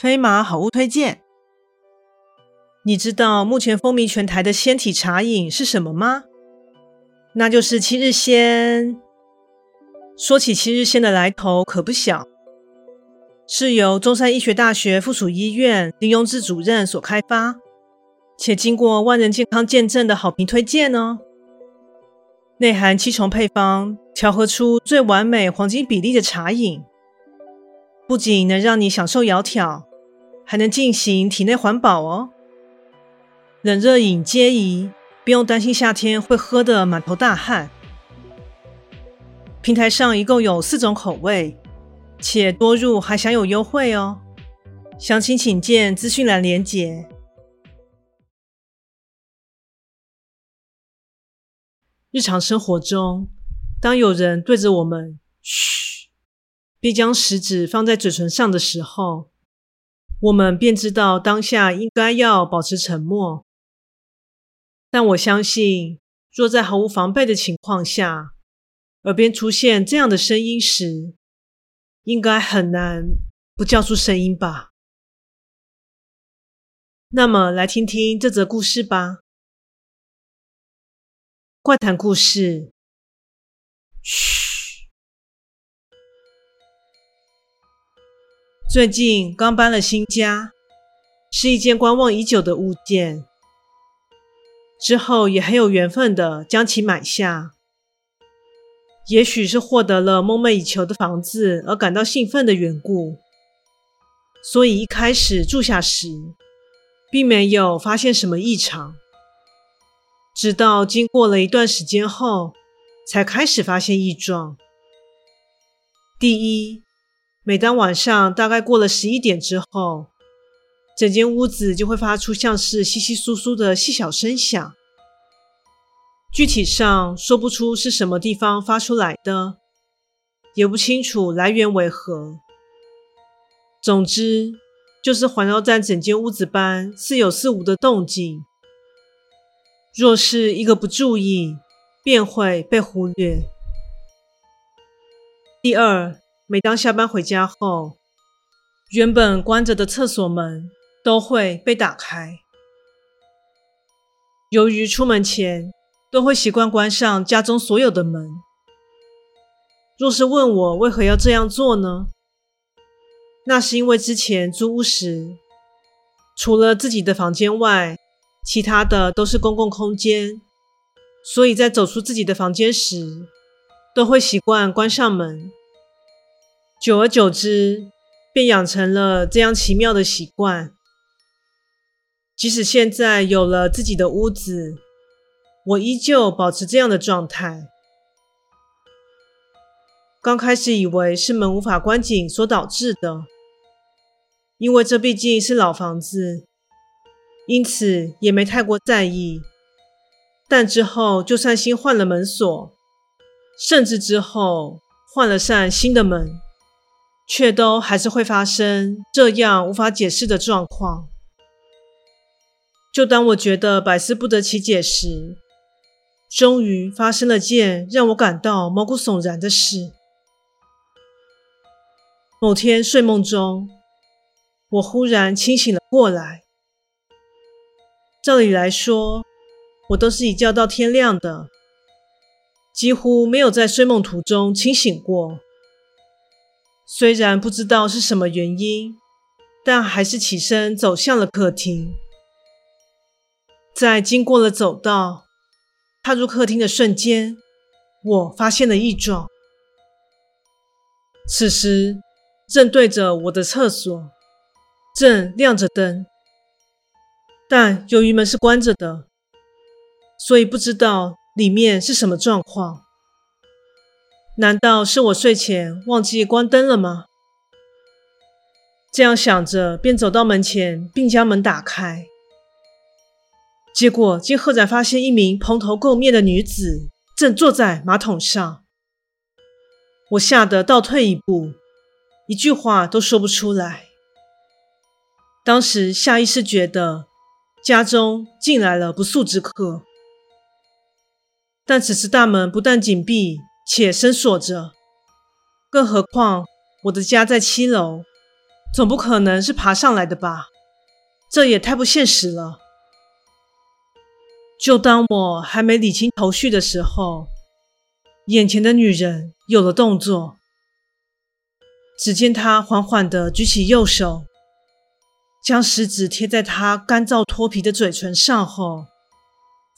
飛馬好物推薦，你知道目前風靡全台的纖體茶飲是什麼嗎？那就是七日纖。說起七日纖的來頭可不小，是由中山醫學大學附屬醫院林榮志主任所開發，且經過萬人健康見證的好評推薦哦。內含七重配方，調和出最完美黃金比例的茶飲，不僅能讓你享受窈窕。還能進行體內環保哦，冷熱飲皆宜，不用擔心夏天會喝得滿頭大汗。平台上一共有四種口味，且多入還享有優惠哦。詳情請見資訊欄連結。日常生活中，當有人對着我們噓，並將食指放在嘴唇上的時候，我們便知道當下應該要保持沉默，但我相信，若在毫無防備的情況下，耳邊出現這樣的聲音時，應該很難不叫出聲音吧。那麼，來聽聽這則故事吧。怪談故事。噓。最近剛搬了新家，是一間觀望已久的物件。之後也很有緣分的將其買下，也許是獲得了夢寐以求的房子而感到興奮的緣故，所以一開始住下時，並沒有發現什麼異常。直到經過了一段時間後，才開始發現異狀。第一。每當晚上大概過了十一點之後，整間屋子就會發出像是窸窸窣窣的細小聲響，具體上說不出是什麼地方發出來的，也不清楚來源為何。總之，就是環繞在整間屋子般似有似無的動靜，若是一個不注意，便會被忽略。第二。每當下班回家後，原本關着的廁所門都會被打開。由於出門前都會習慣關上家中所有的門，若是問我為何要這樣做呢？那是因為之前租屋時，除了自己的房間外，其他的都是公共空間，所以在走出自己的房間時，都會習慣關上門。久而久之，便養成了這樣奇妙的習慣。即使現在有了自己的屋子，我依舊保持這樣的狀態。剛開始以為是門無法關緊所導致的，因為這畢竟是老房子，因此也沒太過在意。但之後，就算新換了門鎖，甚至之後換了扇新的門。卻都還是會發生這樣無法解釋的狀況。就當我覺得百思不得其解時，終於發生了件讓我感到毛骨悚然的事。某天睡夢中，我忽然清醒了過來。照理來說，我都是一覺到天亮的，幾乎沒有在睡夢途中清醒過。雖然不知道是什麼原因，但還是起身走向了客廳。在經過了走道，踏入客廳的瞬間，我發現了異狀。此時正對着我的廁所正亮着燈，但由於門是關着的，所以不知道裡面是什麼狀況。難道是我睡前忘記關燈了嗎？這樣想着，便走到門前，並將門打開。結果，經赫展發現一名蓬頭垢面的女子正坐在馬桶上。我嚇得倒退一步，一句話都說不出來。當時下意識覺得家中進來了不速之客，但此時大門不但緊閉。且深鎖着，更何況我的家在七樓，總不可能是爬上來的吧？這也太不現實了。就當我還沒理清頭緒的時候，眼前的女人有了動作。只見她緩緩地舉起右手，將食指貼在她乾燥脫皮的嘴唇上後，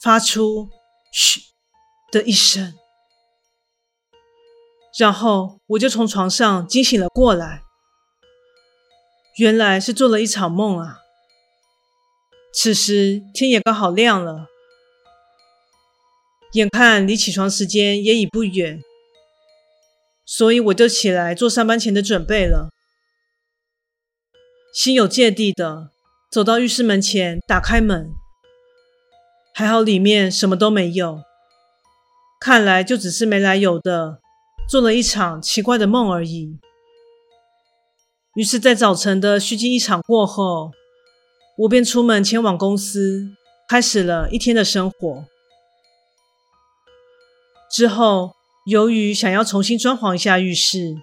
發出“噓”的一聲。然後我就從床上驚醒了過來，原來是做了一場夢啊。此時天也剛好亮了，眼看離起床時間也已不遠，所以我就起來做上班前的準備了。心有芥蒂的走到浴室門前，打開門，還好裡面什麼都沒有，看來就只是沒來由的。做了一場奇怪的夢而已。於是，在早晨的虛驚一場過後，我便出門前往公司，開始了一天的生活。之後，由於想要重新裝潢一下浴室，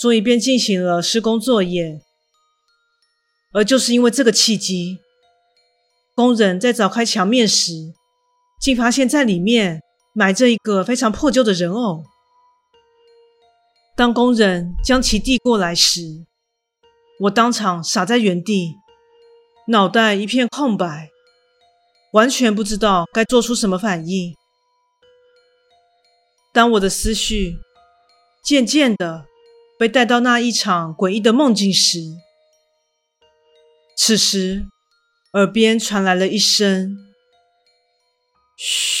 所以便進行了施工作業。而就是因為這個契機，工人在鑿開牆面時，竟發現在裡面埋着一個非常破舊的人偶。當工人將其遞過來時，我當場傻在原地，腦袋一片空白，完全不知道該做出什麼反應。當我的思緒漸漸的被帶到那一場詭異的夢境時，此時耳邊傳來了一聲“噓”。